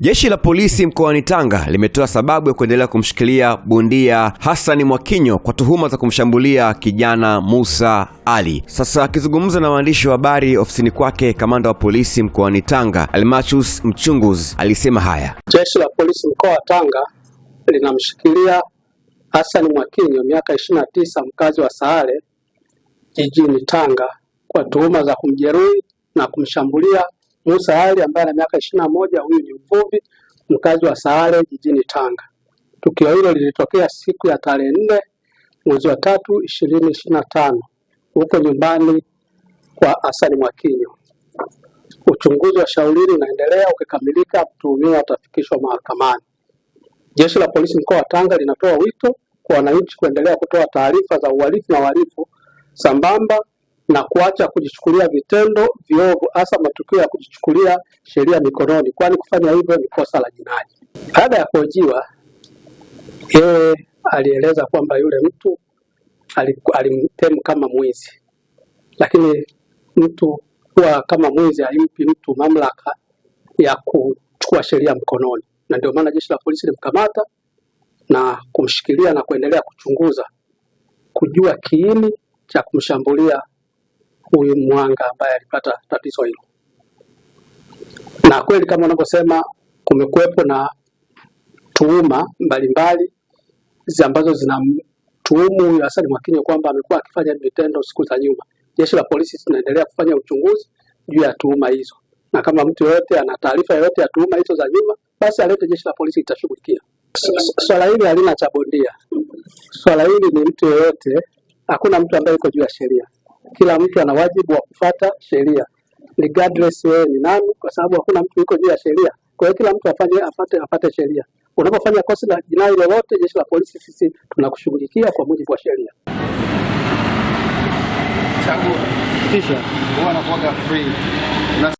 Jeshi la polisi mkoani Tanga limetoa sababu ya kuendelea kumshikilia bondia Hassan Mwakinyo kwa tuhuma za kumshambulia kijana Musa Ali. Sasa akizungumza na waandishi wa habari ofisini kwake, kamanda wa polisi mkoani Tanga Almachus Mchunguz alisema haya: Jeshi la polisi mkoa wa Tanga linamshikilia Hassan Mwakinyo, miaka ishirini na tisa, mkazi wa Sahare jijini Tanga kwa tuhuma za kumjeruhi na kumshambulia Musa Ali ambaye ana miaka ishirini na moja, huyu ni mvuvi mkazi wa Saale jijini Tanga. Tukio hilo lilitokea siku ya tarehe nne mwezi wa tatu ishirini ishirini na tano huko nyumbani kwa Asani Mwakinyo. Uchunguzi wa shauri unaendelea, ukikamilika mtuhumiwa atafikishwa mahakamani. Jeshi la polisi mkoa wa Tanga linatoa wito kwa wananchi kuendelea kutoa taarifa za uhalifu na uhalifu sambamba na kuacha kujichukulia vitendo viovu, hasa matukio ya kujichukulia sheria mikononi, kwani kufanya hivyo ni kosa la jinai. Baada ya kuhojiwa, yeye alieleza kwamba yule mtu alimtemu kama mwizi, lakini mtu kuwa kama mwizi haimpi mtu mamlaka ya kuchukua sheria mkononi, na ndio maana jeshi la polisi limkamata na kumshikilia na kuendelea kuchunguza kujua kiini cha kumshambulia huyu mwanga ambaye alipata tatizo hilo. Na kweli kama unavyosema, kumekuwepo na tuhuma mbalimbali ambazo zinamtuhumu huyu Asali Mwakinyo kwamba amekuwa akifanya vitendo siku za nyuma. Jeshi la polisi tunaendelea kufanya uchunguzi juu ya tuhuma hizo, na kama mtu yoyote ana taarifa yoyote ya tuhuma hizo za nyuma, basi alete, jeshi la polisi litashughulikia swala hili. Halina cha bondia, swala hili ni mtu yoyote, hakuna mtu ambaye yuko juu ya sheria kila mtu ana wajibu wa kufata sheria regardless wewe ni nani, kwa sababu hakuna mtu yuko juu ya sheria. Kwa hiyo kila mtu afanye afate, afate sheria. Unapofanya kosa la jinai lolote, jeshi la polisi sisi tunakushughulikia kwa mujibu wa sheria. Kisha huwa anakuwa free